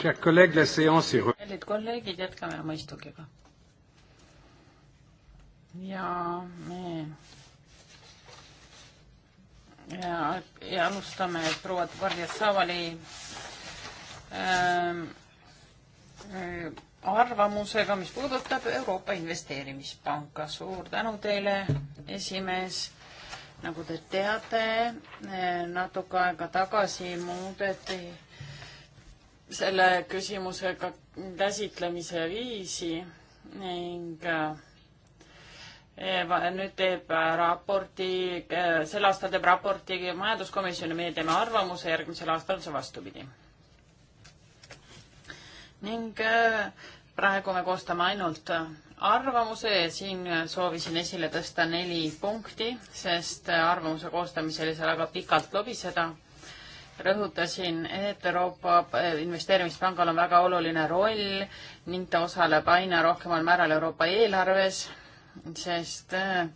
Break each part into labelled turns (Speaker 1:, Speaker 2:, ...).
Speaker 1: kallid
Speaker 2: kolleegid, jätkame oma istungiga. ja me ja, ja alustame proua Varjas Savali ähm, äh, arvamusega, mis puudutab Euroopa Investeerimispanka. suur tänu teile, esimees. nagu te teate, äh, natuke aega tagasi muudeti selle küsimusega käsitlemise viisi ning äh, nüüd teeb raporti, äh, sel aastal teeb raporti majanduskomisjon ja meie teeme arvamuse, järgmisel aastal on see vastupidi. ning äh, praegu me koostame ainult arvamuse ja siin soovisin esile tõsta neli punkti, sest arvamuse koostamisel ei saa väga pikalt lobiseda rõhutasin, et Euroopa eh, Investeerimispangal on väga oluline roll ning ta osaleb aina rohkemal määral Euroopa eelarves, sest eh,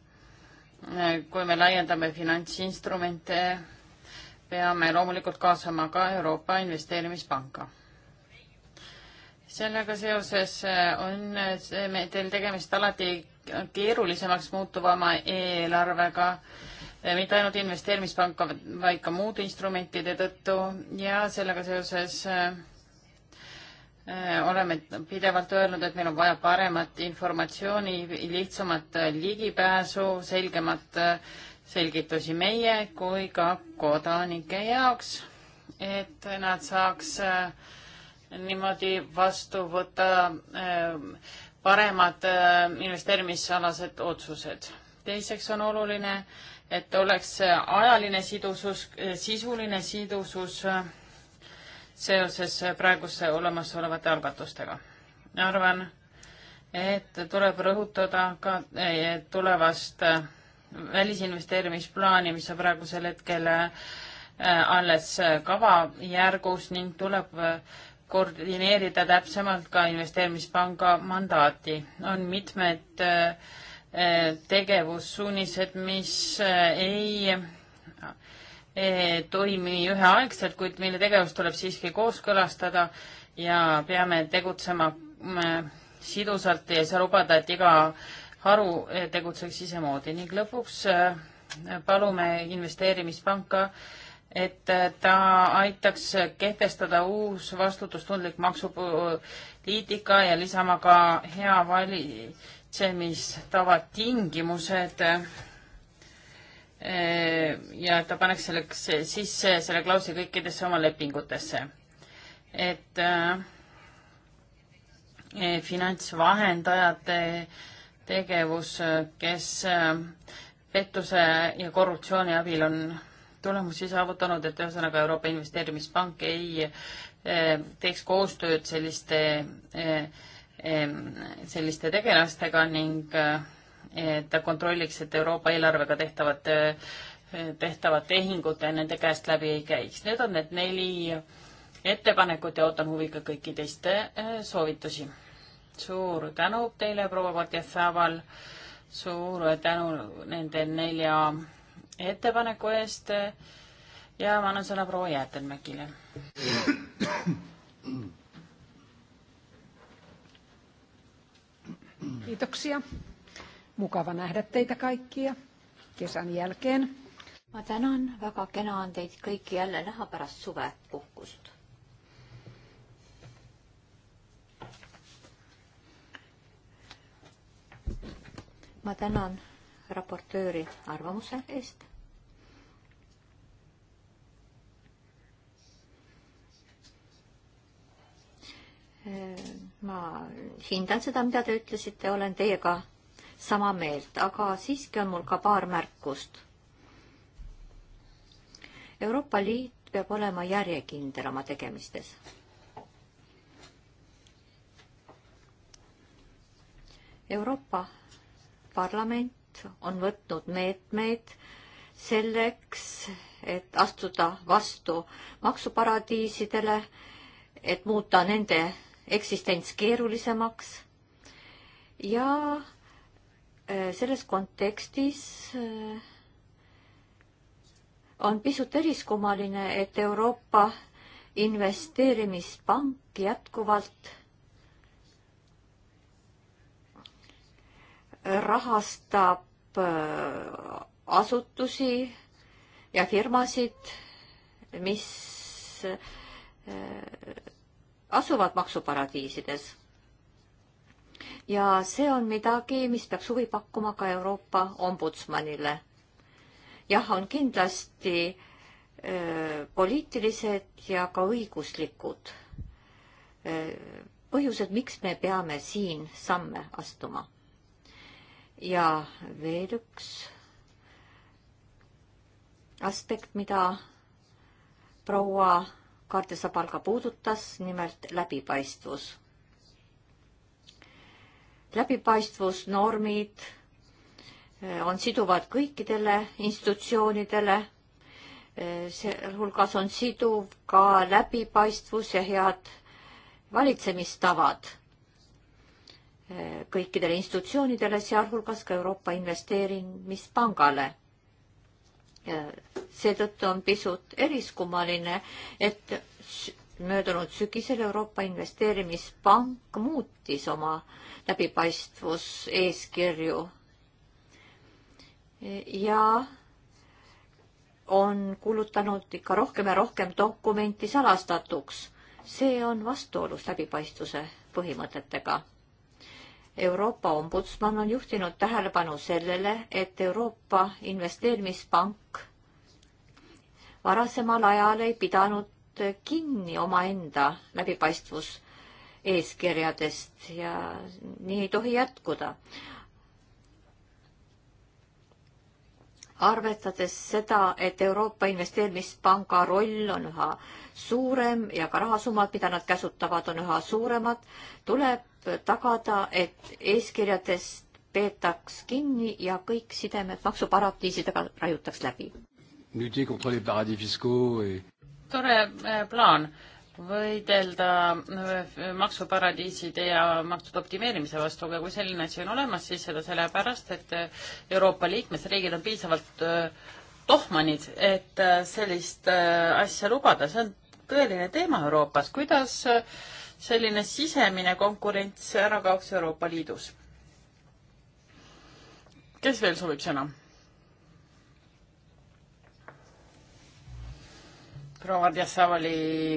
Speaker 2: eh, kui me laiendame finantsinstrumente, peame loomulikult kaasama ka Euroopa Investeerimispanka. sellega seoses on see meil teil tegemist alati keerulisemaks muutuvama eelarvega Eh, mitte ainult investeerimispanka, vaid ka muude instrumentide tõttu ja sellega seoses eh, eh, oleme pidevalt öelnud, et meil on vaja paremat informatsiooni, lihtsamat ligipääsu, selgemat selgitusi meie kui ka kodanike jaoks, et nad saaks niimoodi vastu võtta paremad investeerimisalased otsused. teiseks on oluline, et oleks ajaline sidusus, sisuline sidusus seoses praeguse olemasolevate algatustega. arvan, et tuleb rõhutada ka tulevast välisinvesteerimisplaani, mis on praegusel hetkel äh, alles kavajärgus ning tuleb koordineerida täpsemalt ka investeerimispanga mandaati. on mitmed äh, Äh, tegevussuunised, mis äh, ei äh, toimi üheaegselt, kuid mille tegevus tuleb siiski kooskõlastada ja peame tegutsema sidusalt ja ei saa lubada, et iga haru tegutseks isemoodi ning lõpuks palume investeerimispanka, et ta aitaks kehtestada uus vastutustundlik maksupoliitika ja lisama ka hea vali-, valitsemisstavad, tingimused eh, ja ta paneks selleks sisse selle klausli kõikidesse oma lepingutesse. et äh, finantsvahendajate tegevus, kes pettuse ja korruptsiooni abil on tulemusi saavutanud, et ühesõnaga Euroopa Investeerimispank ei teeks koostööd selliste äh, selliste tegelastega ning eh, et ta kontrolliks, et Euroopa eelarvega tehtavad, eh, tehtavad tehingud nende käest läbi ei käiks. Need on need neli ettepanekut ja ootan huviga kõiki teiste eh, soovitusi. suur tänu teile, proua Potjafaval, suur tänu nende nelja ettepaneku eest ja ma annan sõna proua Jäätelmägile
Speaker 1: Kiitoksia. Mukava nähdä teitä kaikkia kesän jälkeen. Ma tänan, väga kena on teid kõiki jälle näha pärast suvepuhkust. ma tänan raportööri arvamuse eest. Äh, ma hindan seda, mida te ütlesite, olen teiega sama meelt, aga siiski on mul ka paar märkust. Euroopa Liit peab olema järjekindel oma tegemistes. Euroopa Parlament on võtnud meetmeid selleks, et astuda vastu maksuparadiisidele, et muuta nende eksistents keerulisemaks ja äh, selles kontekstis äh, on pisut eriskummaline, et Euroopa investeerimispank jätkuvalt rahastab äh, asutusi ja firmasid, mis asuvad maksuparadiisides. ja see on midagi, mis peaks huvi pakkuma ka Euroopa ombudsmanile. jah, on kindlasti öö, poliitilised ja ka õiguslikud öö, põhjused, miks me peame siin samme astuma. ja veel üks aspekt, mida proua Kardesabal ka puudutas, nimelt läbipaistvus. läbipaistvusnormid eh, on siduvad kõikidele institutsioonidele, eh, sealhulgas on siduv ka läbipaistvus ja head valitsemistavad eh, kõikidele institutsioonidele, sealhulgas ka Euroopa Investeerimispangale seetõttu on pisut eriskummaline, et möödunud sügisel Euroopa Investeerimispank muutis oma läbipaistvuseeskirju ja on kuulutanud ikka rohkem ja rohkem dokumenti salastatuks. see on vastuolus läbipaistvuse põhimõtetega. Euroopa ombudsman on juhtinud tähelepanu sellele, et Euroopa Investeerimispank varasemal ajal ei pidanud kinni omaenda läbipaistvus eeskirjadest ja nii ei tohi jätkuda. arvestades seda, et Euroopa Investeerimispanga roll on üha suurem ja ka rahasummad, mida nad käsutavad, on üha suuremad, tuleb tagada, et eeskirjadest peetaks kinni ja kõik sidemed maksuparadiisidega raiutaks läbi
Speaker 3: lutter contre les paradis fiscaux et...
Speaker 1: tore
Speaker 2: äh, plaan võidelda äh, maksuparadiiside ja maksude optimeerimise vastu, aga kui selline asi on olemas, siis seda sellepärast, et äh, Euroopa liikmesriigid on piisavalt tohmanid, et sellist asja lubada, see on tõeline teema Euroopas, kuidas selline sisemine konkurents ära kaoks Euroopa Liidus? kes veel soovib sõna? proua Mardia Savali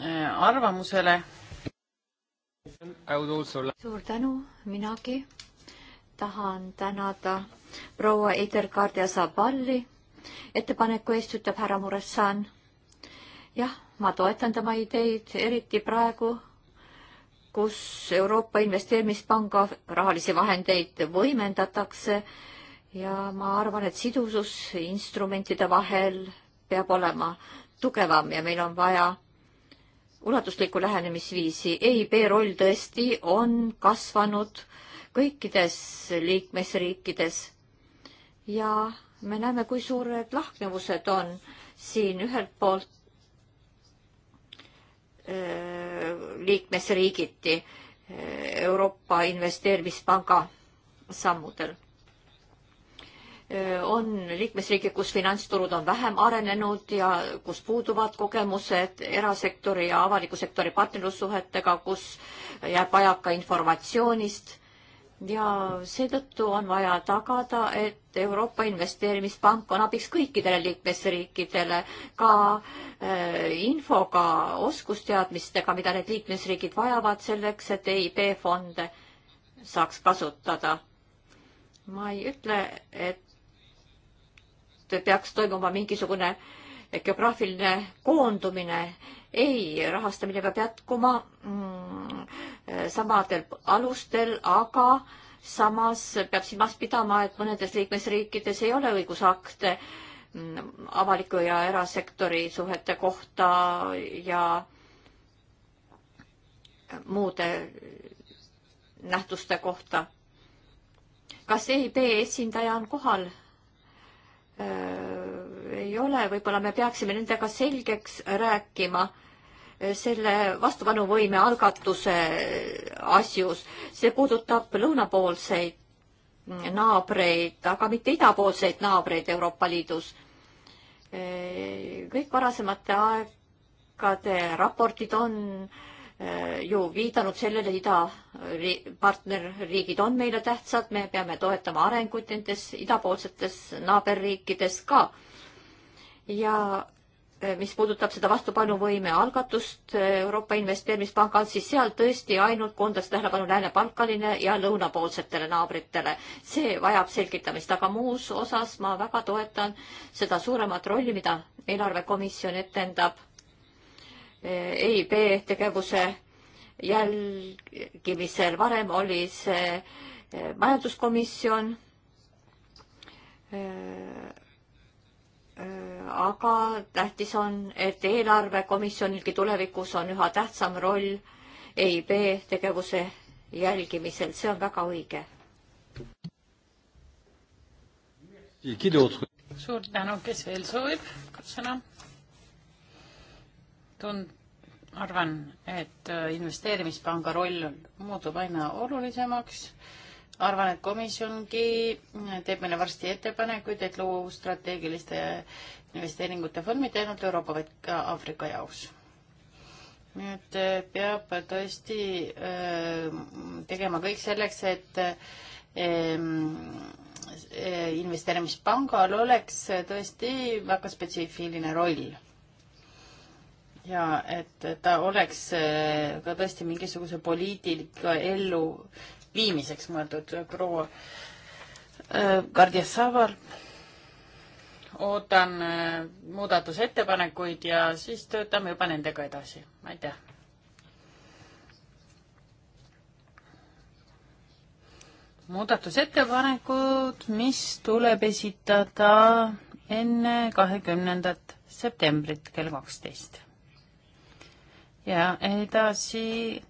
Speaker 2: äh,
Speaker 1: arvamusele. suur tänu, minagi tahan tänada proua Eider Kardja Zaballi ettepaneku eest, ütleb härra Muressan. jah, ma toetan tema ideid, eriti praegu, kus Euroopa Investeerimispanga rahalisi vahendeid võimendatakse ja ma arvan, et sidusus instrumentide vahel peab olema tugevam ja meil on vaja ulatuslikku lähenemisviisi. EIB roll tõesti on kasvanud kõikides liikmesriikides ja me näeme, kui suured lahknevused on siin ühelt poolt liikmesriigiti Euroopa Investeerimispanga sammudel on liikmesriike, kus finantsturud on vähem arenenud ja kus puuduvad kogemused erasektori ja avaliku sektori partnerlussuhetega, kus jääb vajaka informatsioonist ja seetõttu on vaja tagada, et Euroopa Investeerimispank on abiks kõikidele liikmesriikidele ka äh, infoga, oskusteadmistega, mida need liikmesriigid vajavad selleks, et EIB fonde saaks kasutada. ma ei ütle, et et peaks toimuma mingisugune geograafiline koondumine. ei, rahastamine peab jätkuma mm, samadel alustel, aga samas peab silmas pidama, et mõnedes liikmesriikides ei ole õigusakte mm, avaliku ja erasektori suhete kohta ja muude nähtuste kohta. kas EIB esindaja on kohal? Äh, ei ole, võib-olla me peaksime nendega selgeks rääkima äh, selle vastupanuvõime algatuse äh, asjus. see puudutab lõunapoolseid naabreid, aga mitte idapoolseid naabreid Euroopa Liidus. kõik varasemate aegade raportid on äh, Eh, ju viidanud sellele, ida partnerriigid on meile tähtsad, me peame toetama arengut nendes idapoolsetes naaberriikides ka. ja eh, mis puudutab seda vastupanuvõime algatust eh, Euroopa Investeerimispangal, siis seal tõesti ainult koondas tähelepanu Lääne-Balkanile ja lõunapoolsetele naabritele. see vajab selgitamist, aga muus osas ma väga toetan seda suuremat rolli, mida eelarvekomisjon etendab EIB tegevuse jälgimisel, varem oli see e, majanduskomisjon. E, e, aga tähtis on, et eelarvekomisjonilgi tulevikus on üha tähtsam roll EIB tegevuse jälgimisel, see on väga õige.
Speaker 2: suur tänu, kes veel soovib sõna? tun-, arvan, et äh, investeerimispanga roll muutub aina olulisemaks. arvan, et komisjongi äh, teeb meile varsti ettepanekuid, et luua uus strateegiliste äh, investeeringute fond mitte ainult Euroopa, vaid ka Aafrika jaoks. nüüd peab tõesti tegema kõik selleks, et investeerimispangal oleks tõesti väga spetsiifiline roll ja et ta oleks äh, ka tõesti mingisuguse poliitika elluviimiseks mõeldud. proua Kardjasaval äh, ootan äh, muudatusettepanekuid ja siis töötame juba nendega edasi. aitäh! muudatusettepanekud, mis tuleb esitada enne kahekümnendat septembrit kell kaksteist ja edasi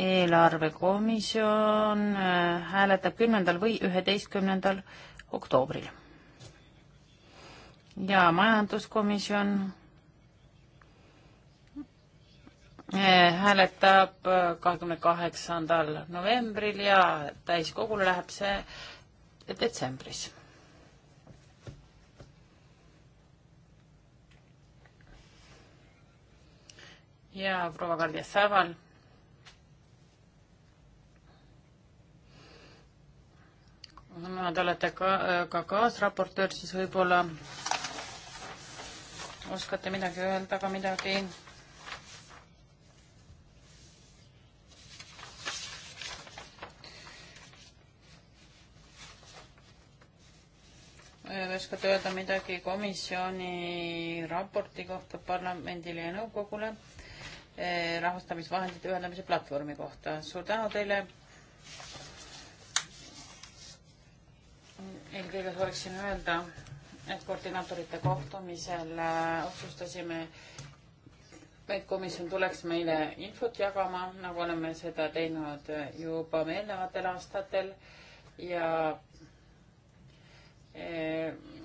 Speaker 2: eelarvekomisjon äh, hääletab kümnendal või üheteistkümnendal oktoobril. ja majanduskomisjon äh, hääletab äh, kahekümne kaheksandal novembril ja täiskogule läheb see detsembris ja proua Kardia Saval. kuna te olete ka, ka kaasraportöör, siis võib-olla oskate midagi öelda, aga midagi oskate öelda midagi komisjoni raporti kohta parlamendile ja nõukogule? Eh, rahastamisvahendite ühendamise platvormi kohta. suur tänu teile. eelkõige sooviksin öelda, et koordinaatorite kohtumisel äh, otsustasime, et komisjon tuleks meile infot jagama, nagu oleme seda teinud juba eelnevatel aastatel ja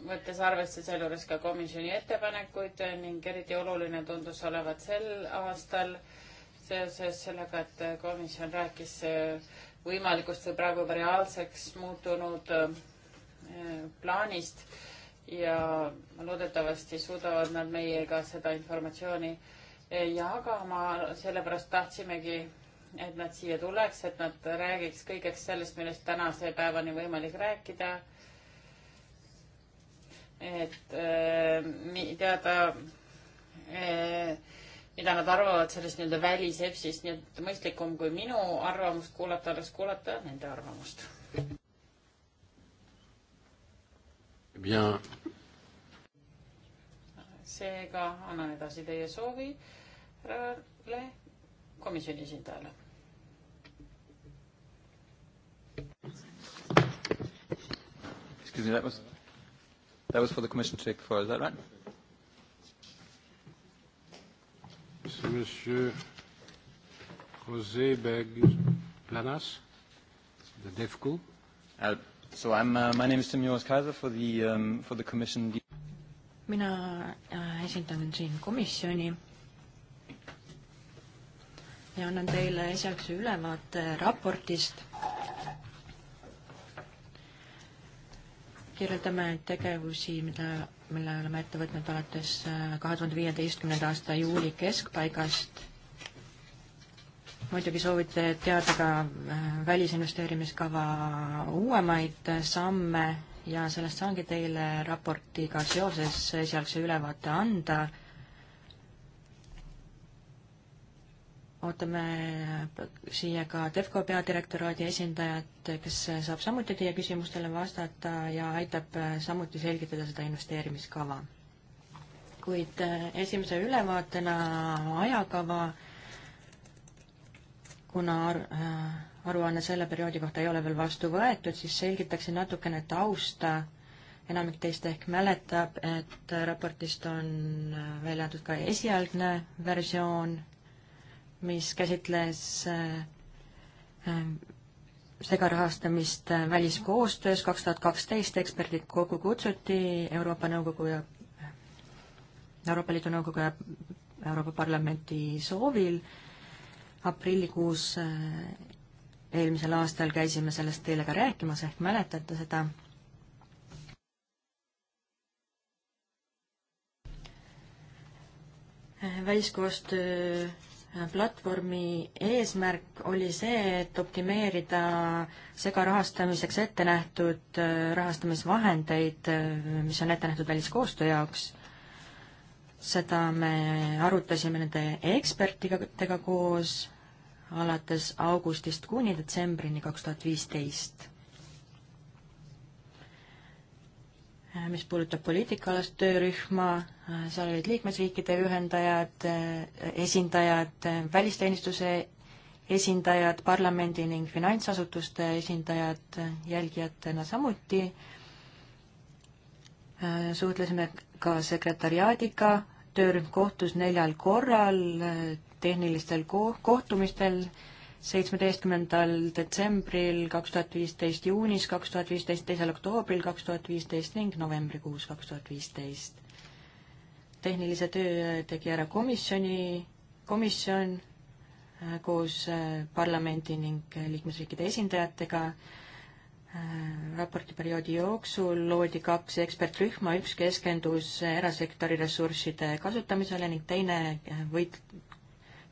Speaker 2: võttes arvesse sealjuures ka komisjoni ettepanekuid ning eriti oluline tundus olevat sel aastal seoses sellega, et komisjon rääkis eh, võimalikust või praegu reaalseks muutunud eh, plaanist ja loodetavasti suudavad nad meiega seda informatsiooni eh, jagama, sellepärast tahtsimegi, et nad siia tuleks, et nad räägiks kõigeks sellest, millest tänase päevani võimalik rääkida et äh, teada äh,, mida nad arvavad sellest nii-öelda välisepsist, nii et mõistlikum kui minu arvamust kuulata, oleks kuulata nende arvamust. ja. seega annan edasi teie soovi härrale komisjoni esindajale.
Speaker 1: Excuse me, that was That was for the Commission to take for, is that right? C'est Monsieur
Speaker 2: José Beg Planas, the DEFCO.
Speaker 1: Uh, so I'm, uh, my name is Tim Joas Kaiser for the, um, for the Commission.
Speaker 3: mina äh, esindan siin komisjoni ja annan teile esialgse ülevaate raportist kirjeldame tegevusi, mida, mille oleme ette võtnud alates äh, kahe tuhande viieteistkümnenda aasta juuli keskpaigast. muidugi soovite teada ka äh, välisinvesteerimiskava uuemaid samme ja sellest saangi teile raportiga seoses esialgse ülevaate anda ootame siia ka Defco peadirektoraadi esindajat, kes saab samuti teie küsimustele vastata ja aitab samuti selgitada seda investeerimiskava. kuid eh, esimese ülevaatena ajakava, kuna ar-, eh, aruanne selle perioodi kohta ei ole veel vastu võetud, siis selgitaksin natukene tausta enamik teist ehk mäletab, et raportist on eh, välja antud ka esialgne versioon mis käsitles äh, äh, segarahastamist äh, väliskoostöös kaks tuhat kaksteist, eksperdid kokku kutsuti Euroopa Nõukogu ja Euroopa Liidu Nõukogu ja Euroopa Parlamenti soovil. aprillikuus eelmisel aastal käisime sellest teile ka rääkimas, ehk mäletate seda. väliskoostöö platvormi eesmärk oli see, et optimeerida segarahastamiseks ette nähtud äh, rahastamisvahendeid, äh, mis on ette nähtud väliskoostöö jaoks. seda me arutasime nende ekspertidega koos alates augustist kuni detsembrini kaks tuhat viisteist. Äh, mis puudutab poliitikaalast töörühma, äh, seal olid liikmesriikide ühendajad, äh, esindajad, välisteenistuse esindajad, parlamendi ning finantsasutuste esindajad jälgijatena samuti. suhtlesime ka sekretariaadiga, töörühm kohtus neljal korral tehnilistel ko-, kohtumistel seitsmeteistkümnendal detsembril kaks tuhat viisteist, juunis kaks tuhat viisteist, teisel oktoobril kaks tuhat viisteist ning novembrikuus kaks tuhat viisteist. tehnilise töö tegi ära komisjoni, komisjon äh, koos äh, parlamendi ning äh, liikmesriikide esindajatega. raportiperioodi jooksul loodi kaks ekspertrühma, üks keskendus erasektori ressursside kasutamisele ning teine võit-,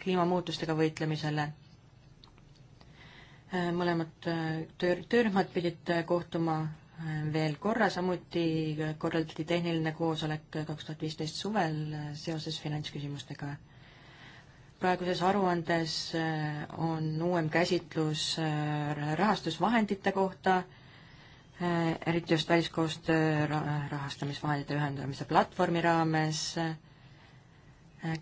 Speaker 3: kliimamuutustega võitlemisele Äh, mõlemad äh, töör, töörühmad pidid äh, kohtuma veel korra, samuti korraldati tehniline koosolek kaks tuhat viisteist suvel seoses finantsküsimustega. praeguses aruandes on uuem käsitlus rahastusvahendite kohta, eriti just väliskoostöö rahastamisvahendite ühendamise platvormi raames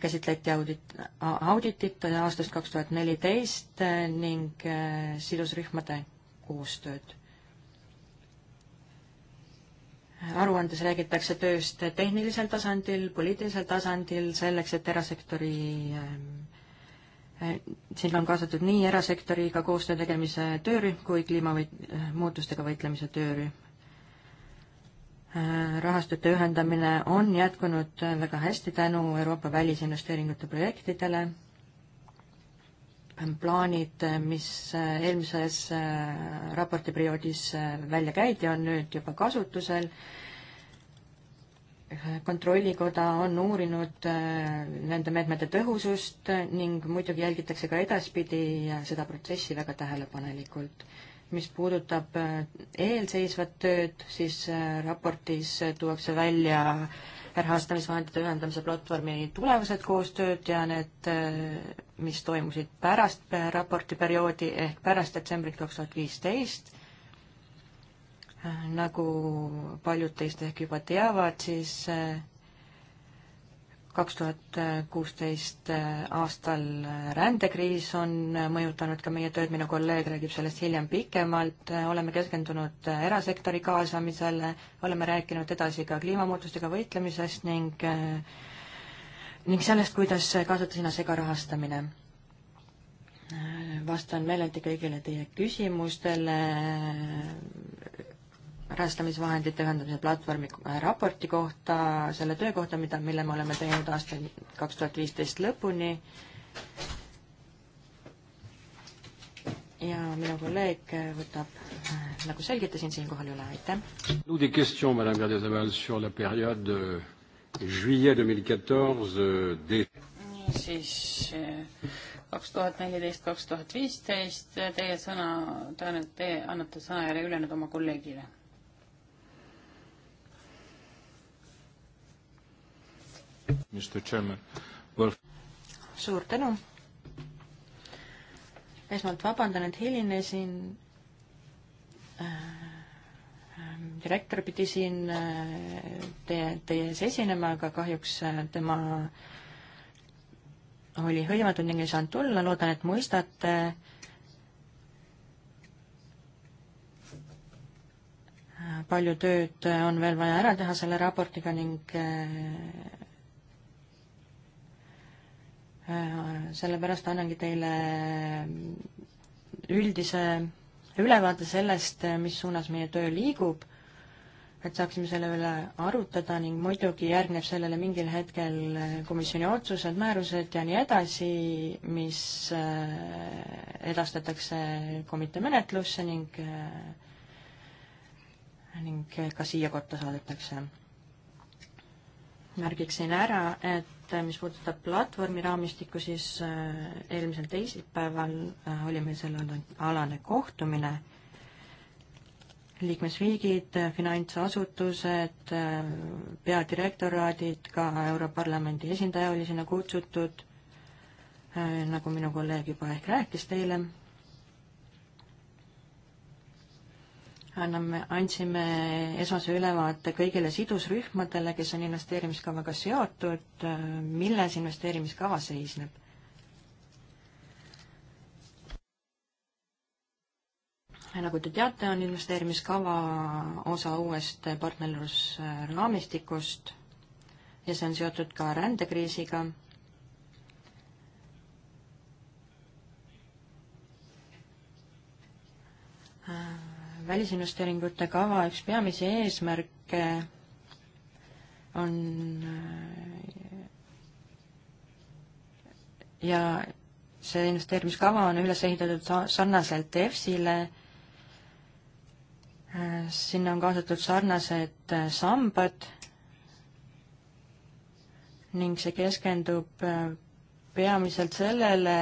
Speaker 3: käsitleti audit, auditit aastast kaks tuhat neliteist ning äh, sidusrühmade koostööd. aruandes räägitakse tööst tehnilisel tasandil, poliitilisel tasandil, selleks et erasektori ähm, äh, sinna on kaasatud nii erasektoriga koostöö tegemise töörühm kui kliimamuutustega võitlemise töörühm Äh, rahastute ühendamine on jätkunud väga hästi tänu Euroopa välisinvesteeringute projektidele. plaanid, mis äh, eelmises äh, raportiperioodis välja käidi, on nüüd juba kasutusel. kontrollikoda on uurinud nende meetmete tõhusust ning muidugi jälgitakse ka edaspidi seda protsessi väga tähelepanelikult mis puudutab äh, eelseisvat tööd, siis äh, raportis tuuakse välja rahastamisvahendite ühendamise platvormi tulevased koostööd ja need, äh, mis toimusid pärast raportiperioodi ehk pärast detsembrit kaks tuhat viisteist. nagu paljud teist ehk juba teavad, siis kaks tuhat kuusteist aastal rändekriis on mõjutanud ka meie tööd, minu kolleeg räägib sellest hiljem pikemalt, oleme keskendunud erasektori kaasamisele, oleme rääkinud edasi ka kliimamuutustega võitlemisest ning ning sellest, kuidas kaasata sinna segarahastamine. vastan meeleldi kõigile teie küsimustele, rahastamisvahendite ühendamise platvormi äh, raporti kohta, selle töö kohta, mida, mille me oleme teinud aasta kaks tuhat viisteist lõpuni. ja minu kolleeg võtab, äh, nagu selgitasin, siinkohal üle, aitäh.
Speaker 2: Nous des questions, madame Gardiazabal, sur la période euh, juillet 2014 dé-. niisiis kaks tuhat neliteist, kaks tuhat viisteist, teie sõna, tõenäoliselt teie annate sõnajärje ülejäänud oma kolleegile
Speaker 1: Well...
Speaker 3: suur tänu. esmalt vabandan, et hilinesin. Äh, ähm, direktor pidi siin äh, teie, teie ees esinema, aga kahjuks äh, tema oli hõivatud ning ei saanud tulla, loodan, et mõistate. palju tööd on veel vaja ära teha selle raportiga ning Äh, sellepärast annangi teile üldise ülevaate sellest, äh, mis suunas meie töö liigub, et saaksime selle üle arutada ning muidugi järgneb sellele mingil hetkel äh, komisjoni otsused, määrused ja nii edasi, mis edastatakse komitee menetlusse ning ning ka siia kotta saadetakse märgiksin ära, et äh, mis puudutab platvormi raamistikku, siis äh, eelmisel teisipäeval äh, oli meil sellel alane kohtumine. liikmesriigid, finantsasutused, peadirektoraadid, ka Europarlamendi esindaja oli sinna kutsutud, nagu minu kolleeg juba ehk rääkis teile anname, andsime esmase ülevaate kõigile sidusrühmadele, kes on investeerimiskavaga seotud, milles investeerimiskava seisneb. nagu te teate, on investeerimiskava osa uuest partnerlusraamistikust ja see on seotud ka rändekriisiga äh välisinvesteeringute kava üks peamisi eesmärke on äh, ja see investeerimiskava on üles ehitatud sarnaselt EFSile, äh, sinna on kaasatud sarnased äh, sambad ning see keskendub peamiselt sellele,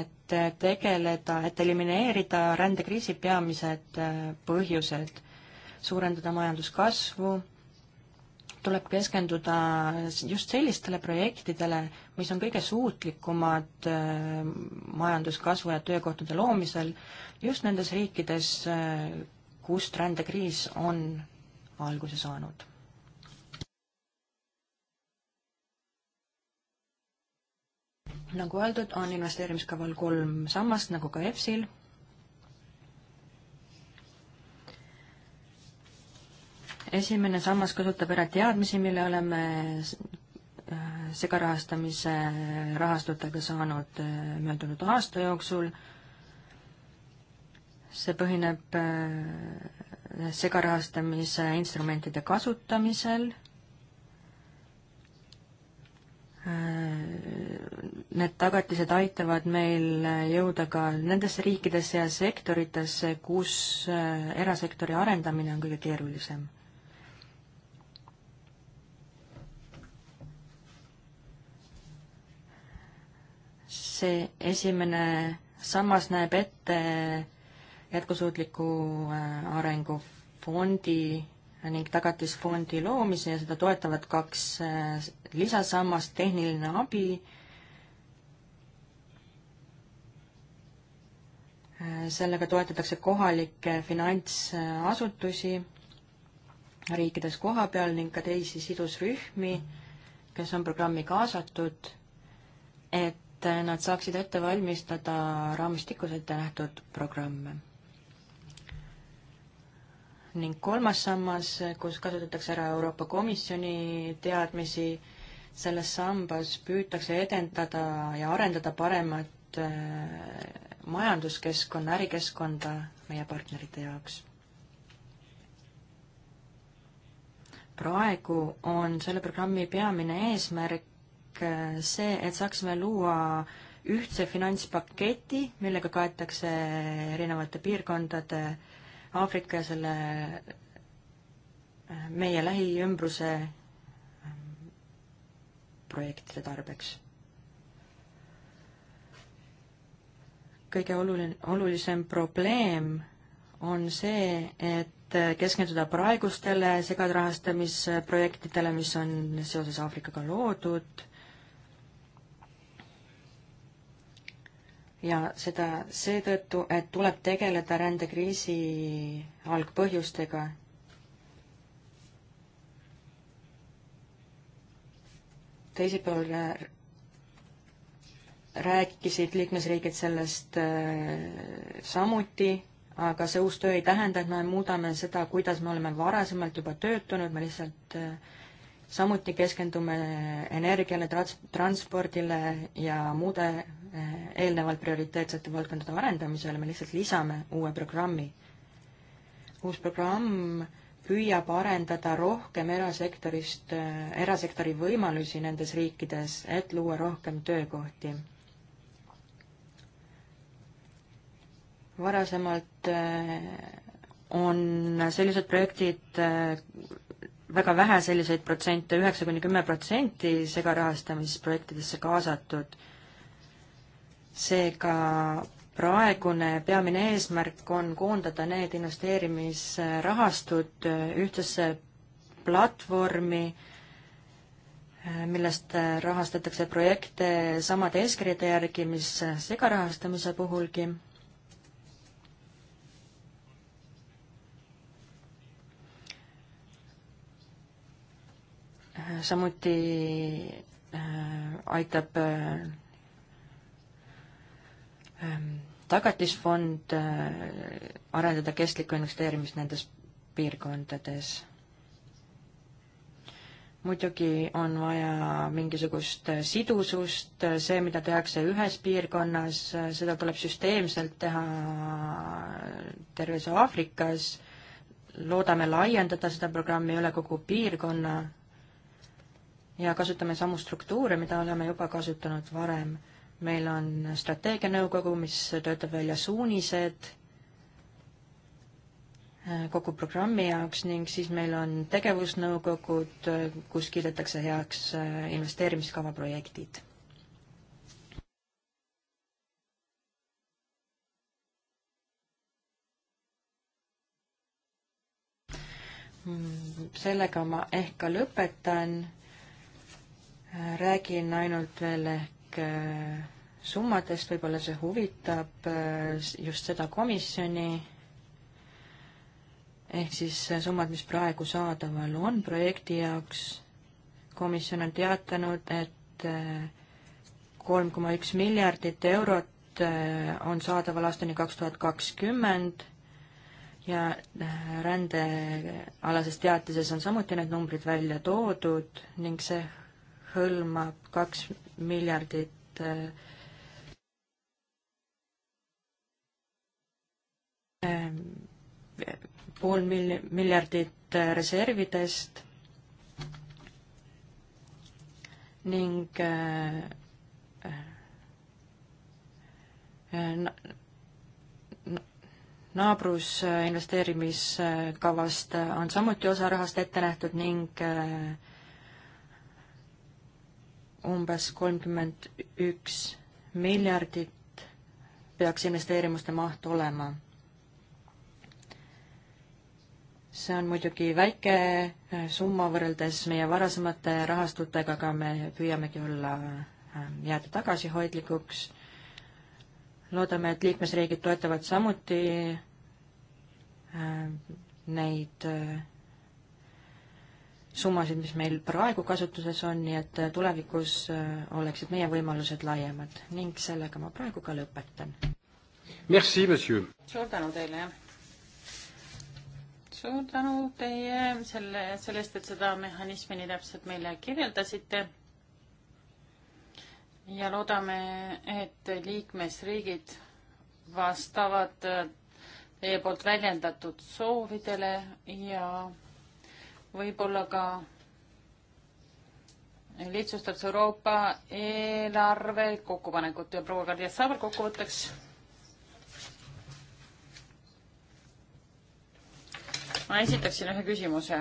Speaker 3: et et tegeleda, et elimineerida rändekriisi peamised äh, põhjused, suurendada majanduskasvu, tuleb keskenduda just sellistele projektidele, mis on kõige suutlikumad äh, majanduskasvu ja töökohtade loomisel just nendes riikides, äh, kust rändekriis on alguse saanud nagu öeldud, on investeerimiskaval kolm sammast, nagu ka EFSil. esimene sammas kasutab ära teadmisi, mille oleme äh, segarahastamise rahastutega saanud äh, möödunud aasta jooksul. see põhineb äh, segarahastamise instrumentide kasutamisel need tagatised aitavad meil jõuda ka nendesse riikidesse ja sektoritesse, kus äh, erasektori arendamine on kõige keerulisem. see esimene sammas näeb ette jätkusuutliku äh, arengufondi ning tagatisfondi loomise ja seda toetavad kaks äh, lisasammast, tehniline abi äh, sellega toetatakse kohalikke finantsasutusi riikides kohapeal ning ka teisi sidusrühmi, kes on programmi kaasatud, et nad saaksid ette valmistada raamistikus ette nähtud programme. ning kolmas sammas, kus kasutatakse ära Euroopa Komisjoni teadmisi, selles sambas püütakse edendada ja arendada paremat äh, majanduskeskkonna, ärikeskkonda meie partnerite jaoks. praegu on selle programmi peamine eesmärk äh, see, et saaksime luua ühtse finantspaketi, millega kaetakse erinevate piirkondade Aafrika ja selle äh, meie lähiümbruse ähm, projektide tarbeks kõige oluline, olulisem probleem on see, et keskenduda praegustele segadrahastamisprojektidele, mis on seoses Aafrikaga loodud ja seda seetõttu, et tuleb tegeleda rändekriisi algpõhjustega. teisipoolne rääkisid liikmesriigid sellest äh, samuti, aga see uus töö ei tähenda, et me muudame seda, kuidas me oleme varasemalt juba töötanud, me lihtsalt äh, samuti keskendume energiale, trans-, transpordile ja muude äh, eelnevalt prioriteetsete valdkondade arendamisele, me lihtsalt lisame uue programmi. uus programm püüab arendada rohkem erasektorist, erasektori võimalusi nendes riikides, et luua rohkem töökohti varasemalt äh, on sellised projektid äh, väga vähe selliseid protsente, üheksa kuni kümme protsenti segarahastamisprojektidesse kaasatud. seega praegune peamine eesmärk on koondada need investeerimisrahastud äh, ühtsesse platvormi, millest rahastatakse projekte samade eeskirjade järgi, mis segarahastamise puhulgi samuti äh, aitab äh, ähm, tagatisfond äh, arendada kestlikku investeerimist nendes piirkondades. muidugi on vaja mingisugust sidusust, see, mida tehakse ühes piirkonnas, seda tuleb süsteemselt teha terves Aafrikas, loodame laiendada seda programmi üle kogu piirkonna ja kasutame samu struktuure, mida oleme juba kasutanud varem. meil on strateegianõukogu, mis töötab välja suunised äh, kogu programmi jaoks ning siis meil on tegevusnõukogud, äh, kus kiidetakse heaks äh, investeerimiskava projektid mm, sellega ma ehk ka lõpetan räägin ainult veel ehk äh, summadest, võib-olla see huvitab äh, just seda komisjoni, ehk siis äh, summad, mis praegu saadaval on projekti jaoks, komisjon on teatanud, et kolm koma üks miljardit eurot on saadaval aastani kaks tuhat kakskümmend ja rändealases teatises on samuti need numbrid välja toodud ning see hõlmab kaks miljardit äh, pool mil-, miljardit reservidest ning äh, äh, naabrusinvesteerimiskavast on samuti osa rahast ette nähtud ning umbes kolmkümmend üks miljardit peaks investeerimuste maht olema. see on muidugi väike eh, summa võrreldes meie varasemate rahastutega, aga me püüamegi olla, eh, jääda tagasihoidlikuks. loodame, et liikmesriigid toetavad samuti eh, neid summasid, mis meil praegu kasutuses on, nii et äh, tulevikus äh, oleksid meie võimalused laiemad ning sellega ma praegu ka lõpetan. Merci, monsieur!
Speaker 2: suur tänu teile! suur tänu teie selle, sellest, et seda mehhanismi nii täpselt meile kirjeldasite ja loodame, et liikmesriigid vastavad äh, teie poolt väljendatud soovidele ja võib-olla ka lihtsustab see Euroopa eelarve kokkupanekut ja proua Kardias Saabel kokkuvõtteks. ma esitaksin ühe küsimuse.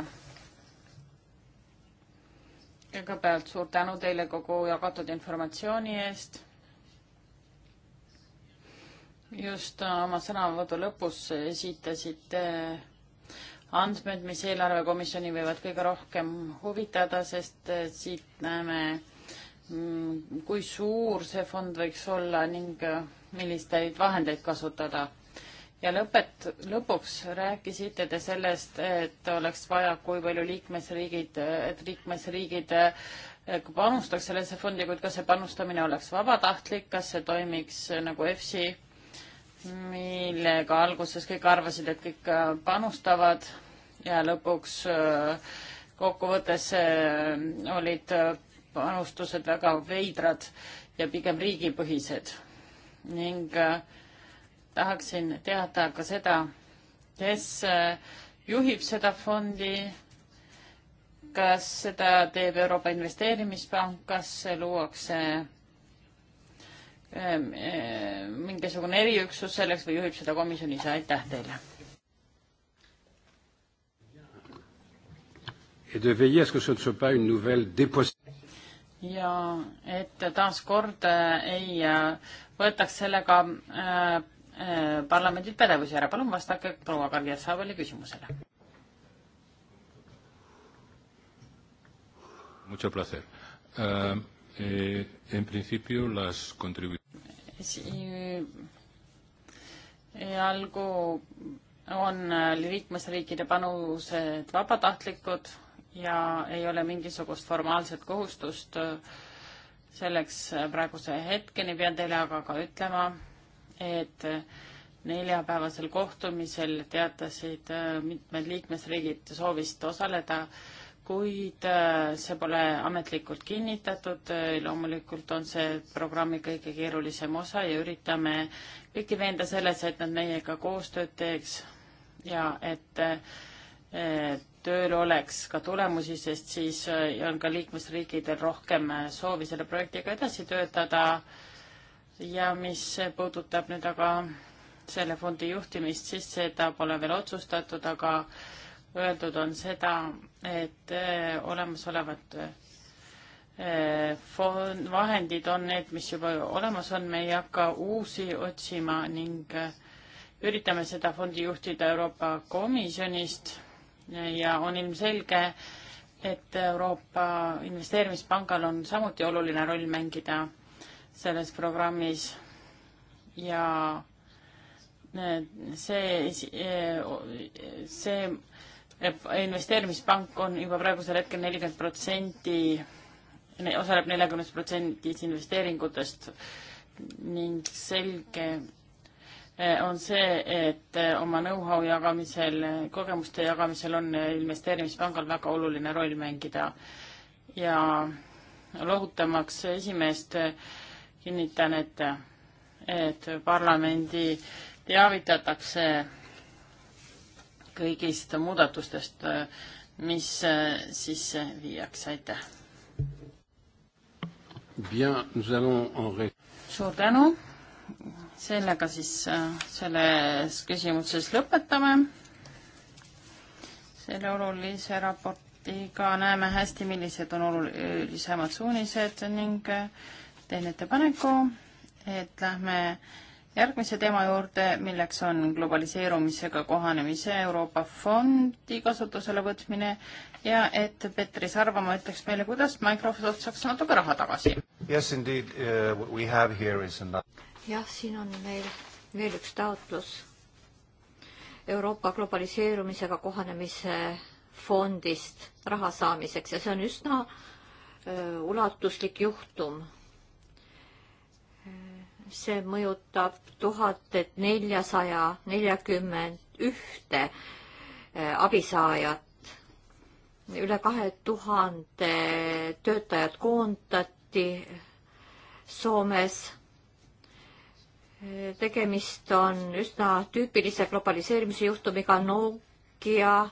Speaker 2: kõigepealt suur tänu teile kogu jagatud informatsiooni eest. just oma sõnavõtu lõpus esitasite äh, andmed, mis eelarvekomisjoni võivad kõige rohkem huvitada, sest eh, siit näeme, mm, kui suur see fond võiks olla ning eh, millisteid vahendeid kasutada. ja lõpet, lõpuks rääkisite te sellest, et oleks vaja, kui palju liikmesriigid, et liikmesriigid eh, panustaks sellesse fondi, kuid kas see panustamine oleks vabatahtlik, kas see toimiks nagu EFSI millega alguses kõik arvasid, et kõik äh, panustavad ja lõpuks äh, kokkuvõttes äh, olid panustused väga veidrad ja pigem riigipõhised. ning tahaksin teada ka seda, kes juhib seda fondi, kas seda teeb Euroopa Investeerimispank, kas luuakse mingisugune eriüksus selleks või juhib seda komisjon ise, aitäh teile. ja et taaskord eh, ei eh, võetaks sellega äh, eh, äh, parlamendilt pädevusi ära, palun vastake proua Kalja Saavali küsimusele. Mucho placer. Uh, eh, en principio, las contribuciones esialgu eh, on eh, liikmesriikide panused vabatahtlikud ja ei ole mingisugust formaalset kohustust eh, selleks praeguse hetkeni pean teile aga ka ütlema, et neljapäevasel kohtumisel teatasid mitmed liikmesriigid soovist osaleda äh, kuid äh, see pole ametlikult kinnitatud. Äh, loomulikult on see programmi kõige keerulisem osa ja üritame kõiki veenda selles, et nad meiega koostööd teeks ja et äh, tööl oleks ka tulemusi, sest siis on ka liikmesriikidel rohkem soovi selle projektiga edasi töötada. ja mis puudutab nüüd aga selle fondi juhtimist, siis seda pole veel otsustatud, aga öeldud on seda, et äh, olemasolevad äh, fond, vahendid on need, mis juba olemas on, me ei hakka uusi otsima ning äh, üritame seda fondi juhtida Euroopa Komisjonist ja on ilmselge, et Euroopa Investeerimispangal on samuti oluline roll mängida selles programmis ja see, see investeerimispank on juba praegusel hetkel nelikümmend protsenti, osaleb neljakümnes protsendis investeeringutest ning selge e, on see, et oma know-how jagamisel, kogemuste jagamisel on investeerimispangal väga oluline roll mängida. ja lohutamaks esimeest kinnitan, et, et parlamendi teavitatakse kõigist muudatustest, mis äh, sisse viiakse, aitäh. En... suur tänu, sellega siis äh, selles küsimuses lõpetame. selle olulise raportiga näeme hästi, millised on olulisemad suunised ning äh, teen ettepaneku, et lähme järgmise teema juurde, milleks on globaliseerumisega kohanemise Euroopa fondi kasutusele võtmine ja et Petri Sarvamaa ütleks meile, kuidas Microsoft
Speaker 1: saaks natuke raha tagasi. Yes indeed uh,, we have here is another. jah, siin on meil veel üks taotlus Euroopa globaliseerumisega kohanemise fondist raha saamiseks ja see on üsna uh, ulatuslik juhtum see mõjutab tuhatet neljasaja neljakümmend ühte äh, abisaajat. üle kahe tuhande töötajat koondati Soomes. Äh, tegemist on üsna tüüpilise globaliseerimise juhtumiga Nokia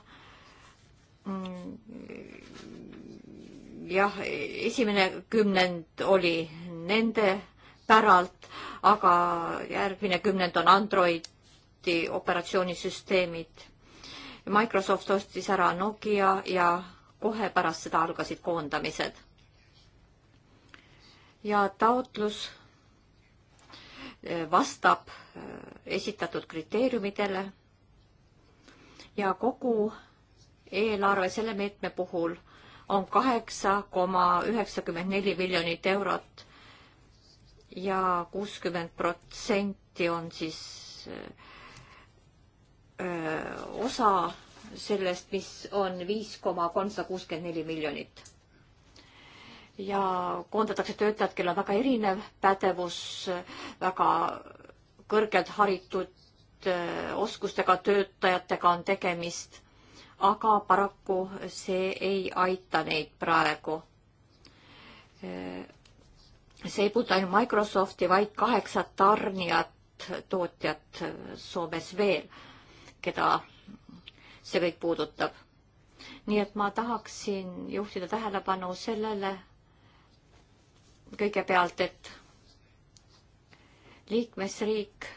Speaker 1: mm, jah, esimene kümnend oli nende päralt, aga järgmine kümnend on Androidi operatsioonisüsteemid. Microsoft ostis ära Nokia ja kohe pärast seda algasid koondamised. ja taotlus e, vastab e, esitatud kriteeriumidele ja kogu eelarve selle meetme puhul on kaheksa koma üheksakümmend neli miljonit eurot ja kuuskümmend protsenti on siis öö, osa sellest, mis on viis koma kolmsada kuuskümmend neli miljonit. ja koondatakse töötajad, kellel on väga erinev pädevus, väga kõrgelt haritud öö, oskustega töötajatega on tegemist, aga paraku see ei aita neid praegu öö, see ei puuduta ainult Microsofti, vaid kaheksat tarnijat, tootjat Soomes veel, keda see kõik puudutab. nii et ma tahaksin juhtida tähelepanu sellele kõigepealt, et liikmesriik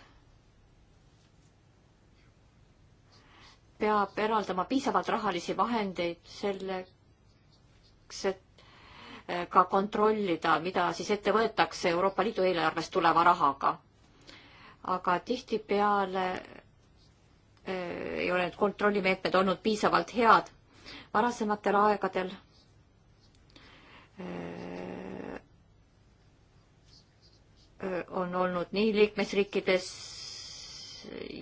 Speaker 1: peab eraldama piisavalt rahalisi vahendeid selleks, et ka kontrollida, mida siis ette võetakse Euroopa Liidu eelarvest tuleva rahaga. aga tihtipeale äh, ei ole need kontrollimeetmed olnud piisavalt head varasematel aegadel äh, äh, on olnud nii liikmesriikides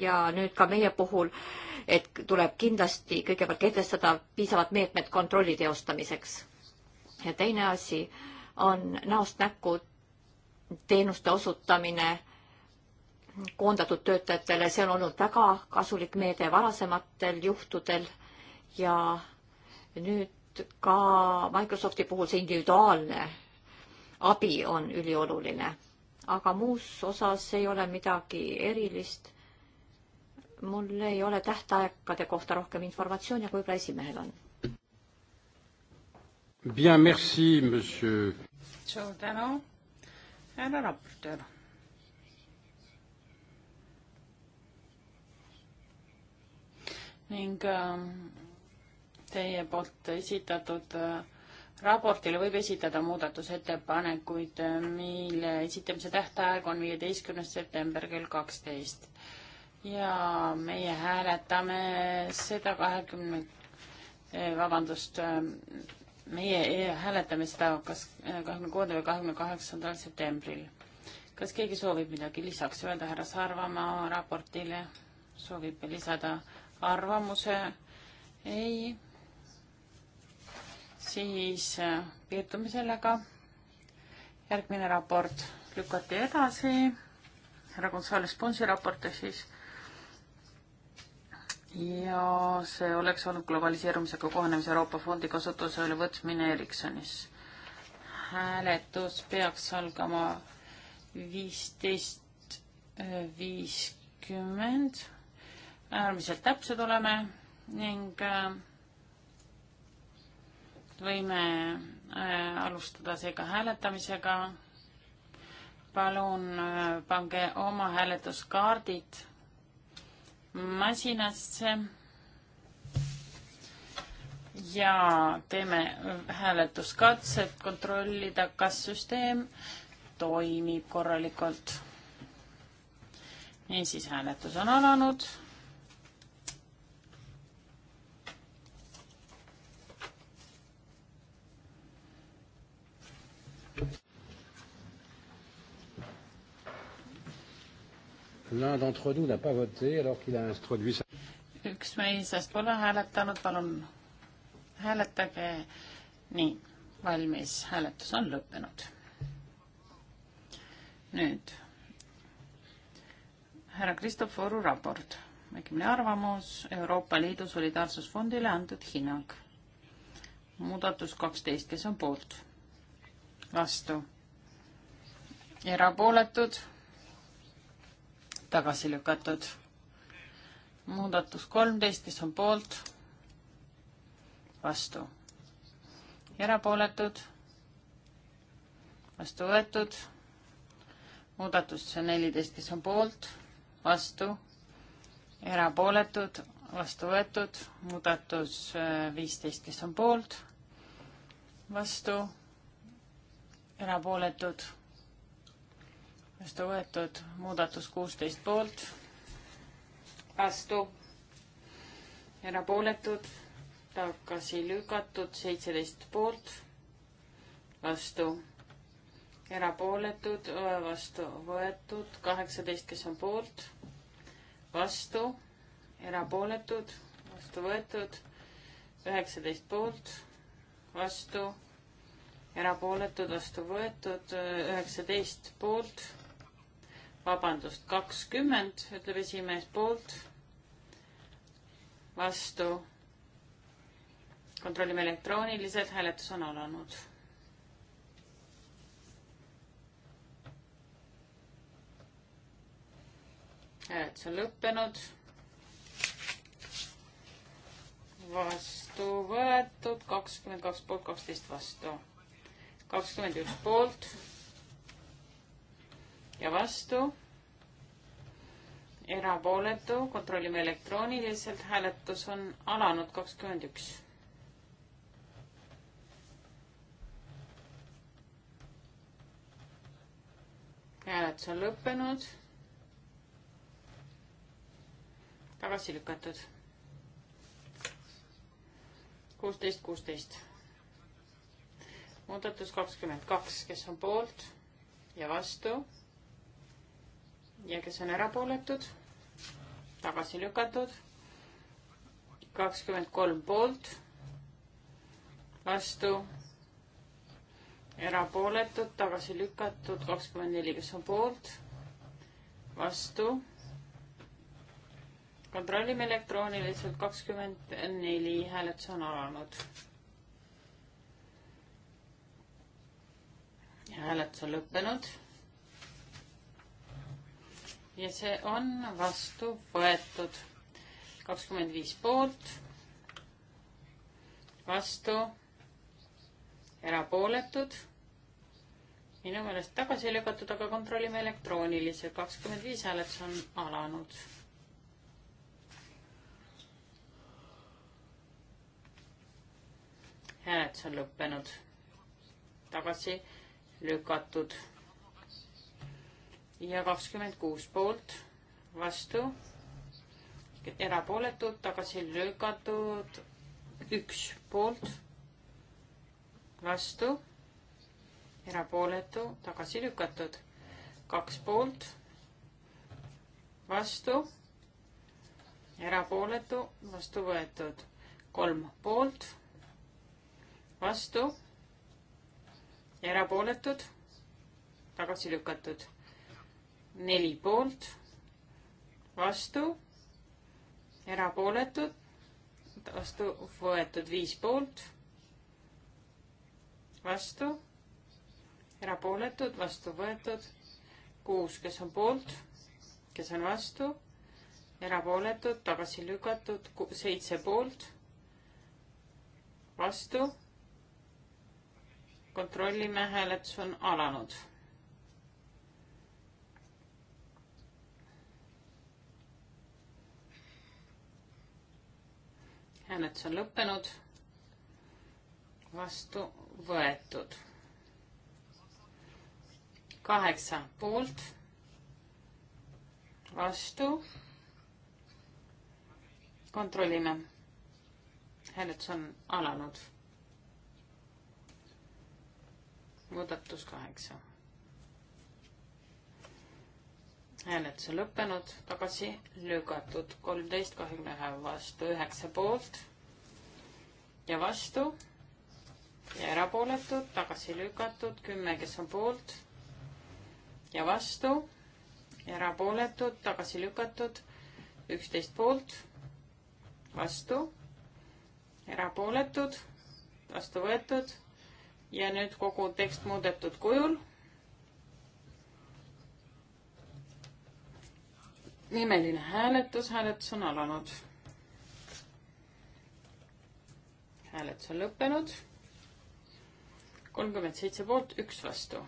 Speaker 1: ja nüüd ka meie puhul, et tuleb kindlasti kõigepealt kehtestada piisavad meetmed kontrolli teostamiseks ja teine asi on näost näkku teenuste osutamine koondatud töötajatele, see on olnud väga kasulik meede varasematel juhtudel ja nüüd ka Microsofti puhul see individuaalne abi on ülioluline. aga muus osas ei ole midagi erilist. mul ei ole tähtaegade kohta rohkem informatsiooni, aga võib-olla esimehel on
Speaker 2: Bien, merci, monsieur.
Speaker 1: suur tänu, härra raportöör.
Speaker 2: ning ähm, teie poolt esitatud äh, raportile võib esitada muudatusettepanekuid, äh, mille esitamise tähtaeg on viieteistkümnes september kell kaksteist. ja meie hääletame seda kahekümne, eh, vabandust, ähm, meie e- hääletame seda kas äh, kahekümne kuuendal või kahekümne kaheksandal septembril. kas keegi soovib midagi lisaks öelda härra Sarvamaa raportile, soovib lisada arvamuse? ei. siis äh, piirdume sellega. järgmine raport lükati edasi, härra Gonzales Ponsi raport ehk siis ja see oleks olnud globaliseerumisega kohanemise Euroopa fondi kasutusele võtmine Ericssonis. hääletus peaks algama viisteist viiskümmend, äärmiselt täpsed oleme ning äh, võime äh, alustada seega hääletamisega. palun äh, pange oma hääletuskaardid masinasse ja teeme hääletuskatset, kontrollida, kas süsteem toimib korralikult. niisiis, hääletus on alanud L'un d'entre nous n'a pas voté alors qu'il a introduit sa... üks meisest pole hääletanud, palun hääletage. nii, valmis, hääletus on lõppenud. nüüd härra Kristoforu raport, õigemini arvamus Euroopa Liidu Solidaarsusfondile antud hinnang. muudatus kaksteist, kes on poolt? vastu? erapooletud? tagasi lükatud. muudatus kolmteist, kes on poolt, vastu, erapooletud, vastu võetud. muudatus neliteist, kes on poolt, vastu, erapooletud, vastu võetud. muudatus viisteist, kes on poolt, vastu, erapooletud vastu võetud, muudatus kuusteist poolt, vastu, erapooletud, tagasi lükatud, seitseteist poolt, vastu, erapooletud, vastu võetud, kaheksateist, kes on poolt, vastu, erapooletud, vastu võetud, üheksateist poolt, vastu, erapooletud, vastu võetud, üheksateist poolt vabandust, kakskümmend, ütleb esimees poolt, vastu. kontrollime elektrooniliselt, hääletus on alanud. hääletus on lõppenud. vastu võetud kakskümmend kaks poolt, kaksteist vastu, kakskümmend üks poolt ja vastu. erapooletu, kontrollime elektrooniliselt, hääletus on alanud kakskümmend üks. hääletus on lõppenud. tagasi lükatud. kuusteist, kuusteist muudatus kakskümmend kaks, kes on poolt ja vastu, ja kes on erapooletud, tagasi lükatud. kakskümmend kolm poolt, vastu, erapooletud, tagasi lükatud, kakskümmend neli, kes on poolt, vastu. kontrollime elektrooniliselt, kakskümmend neli hääletus on alanud. hääletus on lõppenud ja see on vastu võetud. kakskümmend viis poolt, vastu, erapooletud. minu meelest tagasi lükatud, aga kontrollime elektrooniliselt. kakskümmend viis hääletus on alanud. hääletus on lõppenud, tagasi lükatud ja kakskümmend kuus poolt, vastu, erapooletud, tagasi lükatud, üks poolt, vastu, erapooletu, tagasi lükatud, kaks poolt, vastu, erapooletu, vastu võetud, kolm poolt, vastu, erapooletud, tagasi lükatud neli poolt, vastu, erapooletud, vastu võetud viis poolt, vastu, erapooletud, vastu võetud kuus, kes on poolt, kes on vastu, erapooletud, tagasi lükatud, seitse poolt, vastu. kontrollime, hääletus on alanud hääletus on lõppenud. vastu võetud. kaheksa poolt, vastu. kontrollime. hääletus on alanud. muudatus kaheksa hääletus on lõppenud, tagasi lükatud, kolmteist kahekümne ühe vastu, üheksa poolt ja vastu ja erapooletud, tagasi lükatud, kümme, kes on poolt ja vastu, erapooletud, tagasi lükatud, üksteist poolt, vastu, erapooletud, vastu võetud ja nüüd kogu tekst muudetud kujul nimeline hääletus, hääletus on alanud. hääletus on lõppenud. kolmkümmend seitse poolt, üks vastu.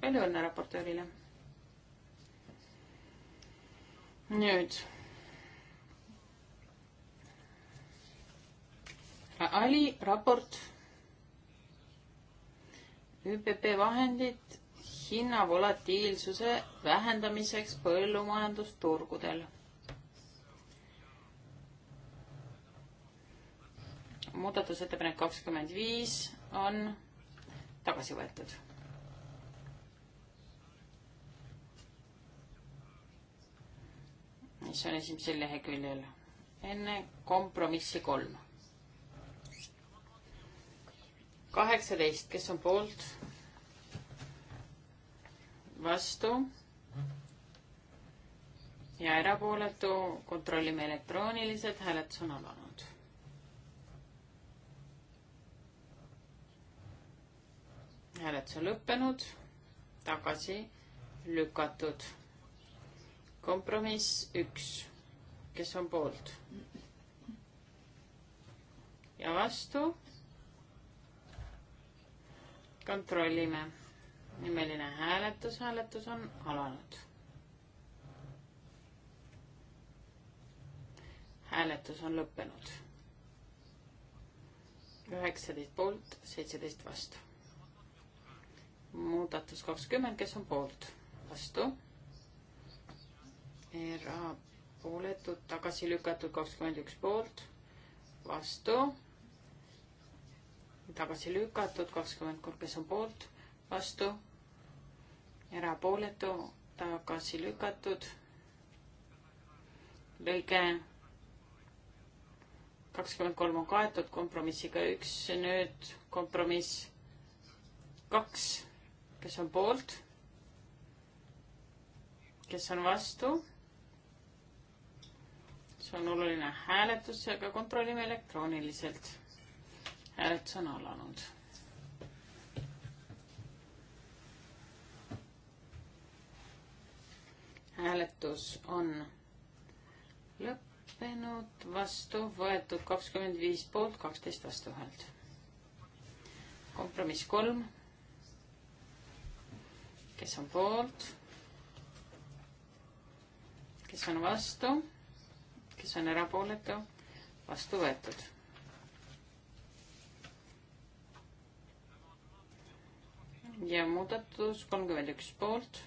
Speaker 2: palju õnne raportöörile. nüüd. Ali raport. ÜPP vahendid hinnavolatiilsuse vähendamiseks põllumajandusturgudel. muudatusettepanek kakskümmend viis on tagasi võetud. mis on esimesel leheküljel enne kompromissi kolm. kaheksateist, kes on poolt? vastu ja erapooletu kontrollime elektrooniliselt, hääletus on alanud. hääletus on lõppenud, tagasi lükatud. kompromiss üks, kes on poolt? ja vastu? kontrollime nimeline hääletus, hääletus on alanud. hääletus on lõppenud. üheksateist poolt, seitseteist vastu. muudatus kakskümmend, kes on poolt, vastu. erapooletud, tagasi lükatud kakskümmend üks poolt, vastu. tagasi lükatud kakskümmend kolm, kes on poolt vastu, erapooletu, tagasi lükatud. lõige kakskümmend kolm on kaetud kompromissiga üks, nüüd kompromiss kaks, kes on poolt, kes on vastu. see on oluline hääletus, aga kontrollime elektrooniliselt. hääletus on alanud hääletus on lõppenud, vastu võetud kakskümmend viis poolt, kaksteist vastuhäält. kompromiss kolm. kes on poolt? kes on vastu? kes on erapooletu? vastu võetud. ja muudatus kolmkümmend üks poolt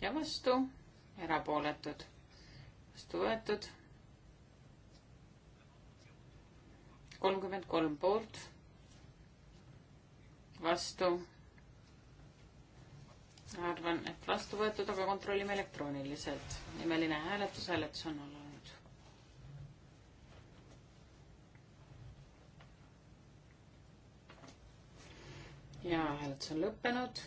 Speaker 2: ja vastu, erapooletud, vastu võetud. kolmkümmend kolm poolt, vastu. arvan, et vastu võetud, aga kontrollime elektrooniliselt. nimeline hääletus, hääletus on alanud. ja hääletus on lõppenud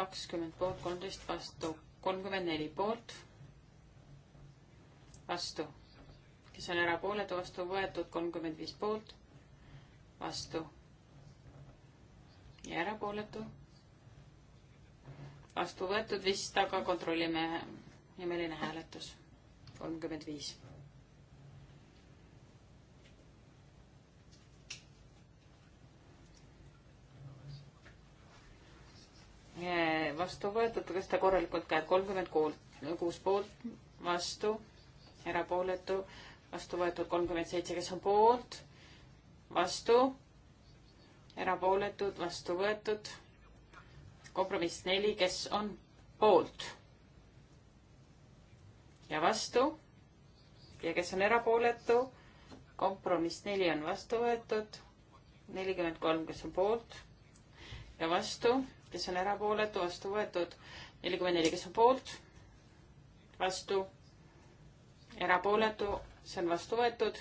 Speaker 2: kakskümmend poolt, kolmteist vastu, kolmkümmend neli poolt, vastu, kes on erapooletu, vastu võetud, kolmkümmend viis poolt, vastu ja erapooletu, vastu võetud vist, aga kontrollime nimeline hääletus, kolmkümmend viis vastu võetud, tõsta korralikult käed, kolmkümmend kuus poolt, vastu, erapooletu, vastu võetud kolmkümmend seitse, kes on poolt, vastu, erapooletud, vastu võetud, kompromiss neli, kes on poolt ja vastu ja kes on erapooletu, kompromiss neli on vastu võetud, nelikümmend kolm, kes on poolt ja vastu kes on erapooletu, vastu võetud. nelikümmend neli, kes on poolt, vastu, erapooletu, see on vastu võetud.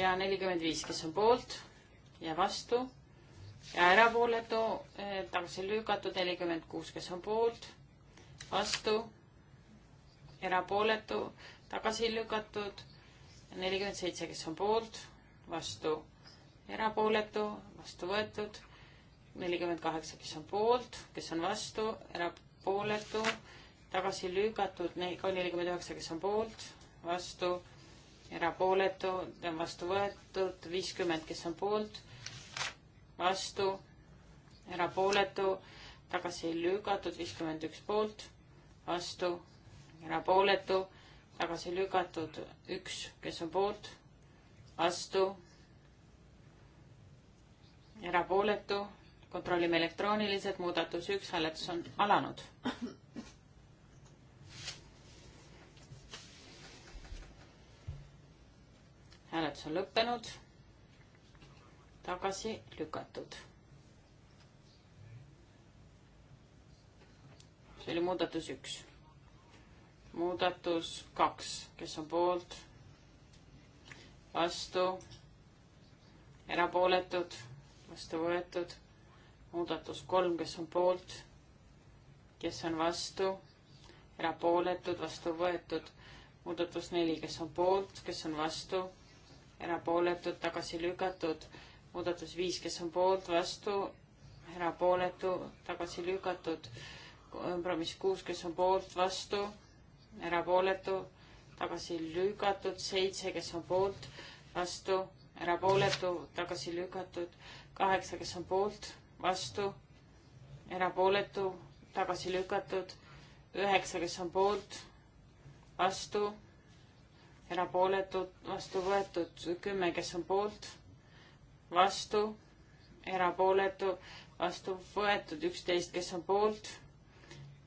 Speaker 2: ja nelikümmend viis, kes on poolt ja vastu ja erapooletu eh, tagasi lükatud nelikümmend kuus, kes on poolt, vastu, erapooletu tagasi lükatud nelikümmend seitse, kes on poolt vastu erapooletu, vastu võetud, nelikümmend kaheksa, kes on poolt, kes on vastu, erapooletu, tagasi lükatud, nelikümmend üheksa, kes on poolt, vastu, erapooletu, vastu võetud, viiskümmend, kes on poolt, vastu, erapooletu, tagasi lükatud, viiskümmend üks poolt, vastu, erapooletu, tagasi lükatud, üks, kes on poolt vastu, erapooletu, kontrollime elektrooniliselt, muudatus üks, hääletus on alanud. hääletus on lõppenud, tagasi lükatud. see oli muudatus üks muudatus kaks, kes on poolt, vastu, erapooletud, vastu võetud. muudatus kolm, kes on poolt, kes on vastu, erapooletud, vastu võetud. muudatus neli, kes on poolt, kes on vastu, erapooletud, tagasi lükatud. muudatus viis, kes on poolt, vastu, erapooletu, tagasi lükatud. kompromiss kuus, kes on poolt, vastu, erapooletu tagasi lükatud, seitse, kes on poolt, vastu, erapooletu, tagasi lükatud, kaheksa, kes on poolt, vastu, erapooletu, tagasi lükatud, üheksa, kes on poolt, vastu, erapooletud, vastu võetud, kümme, kes on poolt, vastu, erapooletu, vastu võetud, üksteist, kes on poolt,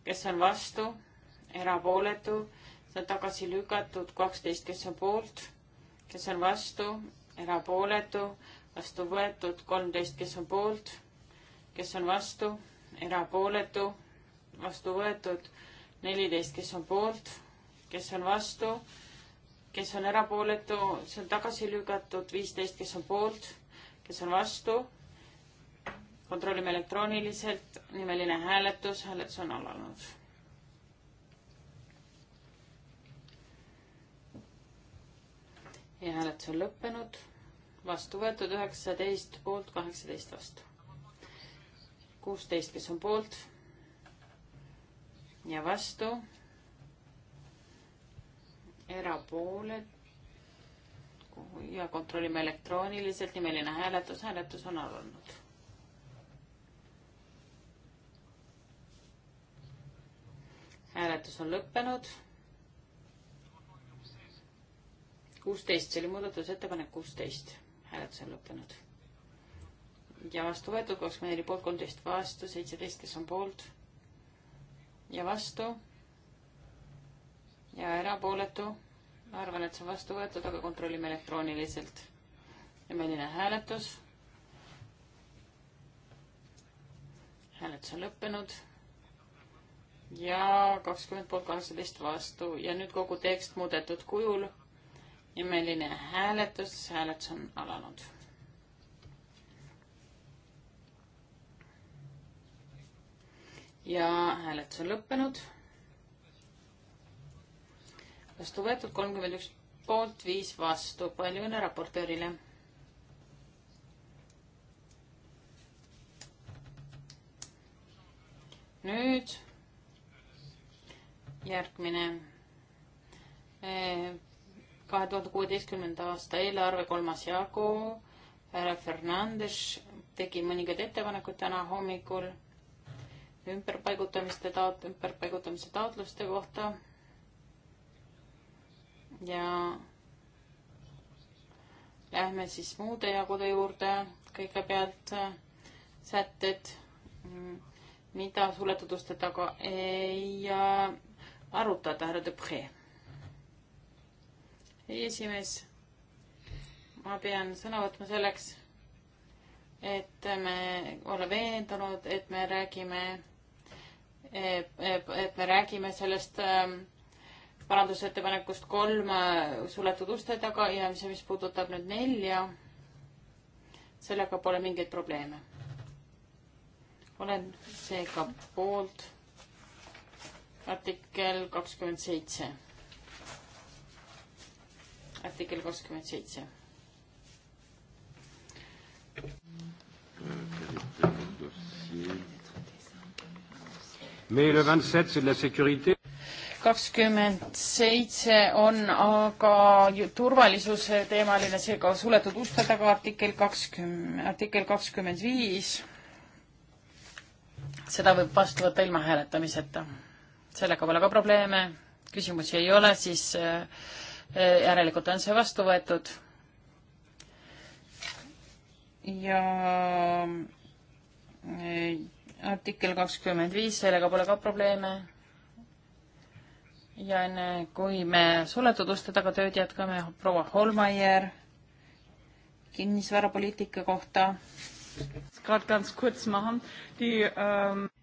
Speaker 2: kes on vastu, erapooletu see on tagasi lükatud, kaksteist, kes on poolt, kes on vastu, erapooletu, vastu võetud, kolmteist, kes on poolt, kes on vastu, erapooletu, vastu võetud, neliteist, kes on poolt, kes on vastu, kes on erapooletu, see on tagasi lükatud, viisteist, kes on poolt, kes on vastu, kontrollime elektrooniliselt, nimeline hääletus, hääletus on alanud ja hääletus on lõppenud. vastu võetud üheksateist poolt, kaheksateist vastu. kuusteist, kes on poolt ja vastu. erapooled ja kontrollime elektrooniliselt, nimeline hääletus, hääletus on alanud. hääletus on lõppenud kuusteist, see oli muudatusettepanek kuusteist, hääletus on lõppenud. ja vastu võetud kakskümmend neli poolt, kolmteist vastu, seitseteist, kes on poolt ja vastu ja erapooletu. ma arvan, et see on vastu võetud, aga kontrollime elektrooniliselt. nimeline hääletus. hääletus on lõppenud ja kakskümmend poolt kaheksateist vastu ja nüüd kogu tekst muudetud kujul imeline hääletus, hääletus on alanud. ja hääletus on lõppenud. vastu võetud kolmkümmend üks poolt, viis vastu, palju õnne raportöörile. nüüd järgmine eh, kahe tuhande kuueteistkümnenda aasta eelarve kolmas jagu. härra Fernandes tegi mõningaid ettepanekuid täna hommikul ümberpaigutamiste taot-, ümberpaigutamise taotluste kohta. ja lähme siis muude jagude juurde. kõigepealt sätted, mida suletud uste taga ei äh, arutada, härra Depree esimees, ma pean sõna võtma selleks, et me oleme veendunud, et me räägime, et me räägime sellest ähm, parandusettepanekust kolm äh, suletud uste taga ja see, mis puudutab nüüd nelja, sellega pole mingeid probleeme. olen seega poolt artikkel kakskümmend seitse artikkel kakskümmend seitse.
Speaker 3: meil on ainult seitse la sécurité
Speaker 2: kakskümmend seitse on aga turvalisuse teemaline, seega suletud uste taga artikkel kakskümmend, artikkel kakskümmend viis. seda võib vastu võtta ilma hääletamiseta. sellega pole ka probleeme, küsimusi ei ole, siis äh, Äh, järelikult on see vastu võetud. ja äh, artikkel kakskümmend viis, sellega pole ka probleeme. ja enne, kui me suletud uste taga tööd jätkame, proua Holmeier
Speaker 1: kinnisvarapoliitika kohta. Ähm,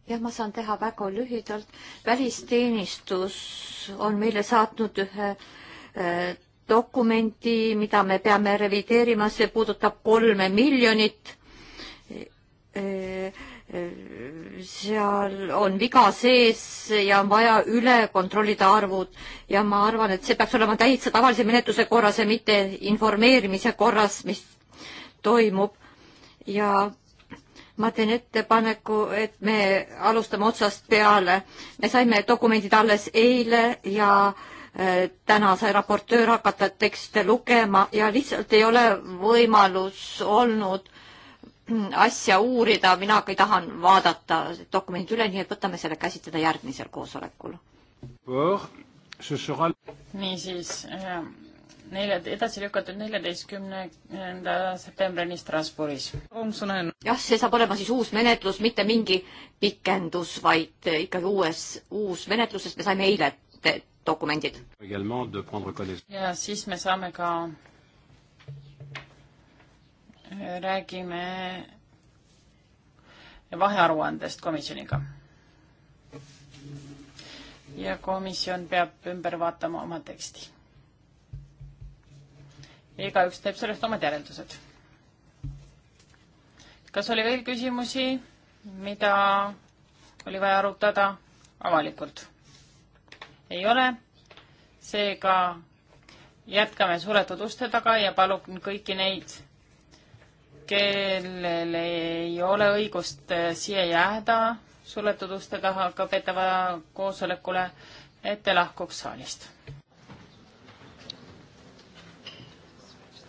Speaker 1: jah, ma saan teha väga lühidalt. välisteenistus on meile saatnud ühe äh, dokumenti, mida me peame revideerima, see puudutab kolme miljonit. seal on viga sees ja on vaja üle kontrollida arvud ja ma arvan, et see peaks olema täitsa tavalise menetluse korras ja mitte informeerimise korras, mis toimub. ja ma teen ettepaneku, et me alustame otsast peale. me saime dokumendid alles eile ja äh, täna sai raportöör hakata tekste lugema ja lihtsalt ei ole võimalus olnud asja uurida, mina ka tahan vaadata dokumendid üle, nii et võtame selle käsitleda järgmisel koosolekul.
Speaker 2: niisiis, nelja, edasi lükatud neljateistkümnenda septembrini Strasbourgis.
Speaker 1: jah, see saab olema siis uus menetlus, mitte mingi pikendus, vaid ikkagi uues, uus menetlus, sest me saime eile dokumendid. ja
Speaker 2: siis me saame ka, äh, räägime vahearuandest komisjoniga. ja komisjon peab ümber vaatama oma teksti. igaüks teeb sellest omad järeldused. kas oli veel küsimusi, mida oli vaja arutada avalikult? ei ole. seega jätkame suletud uste taga ja palun kõiki neid, kellel ei ole õigust eh, siia jääda suletud uste taha ka peetava koosolekule, et te lahkuks saalist.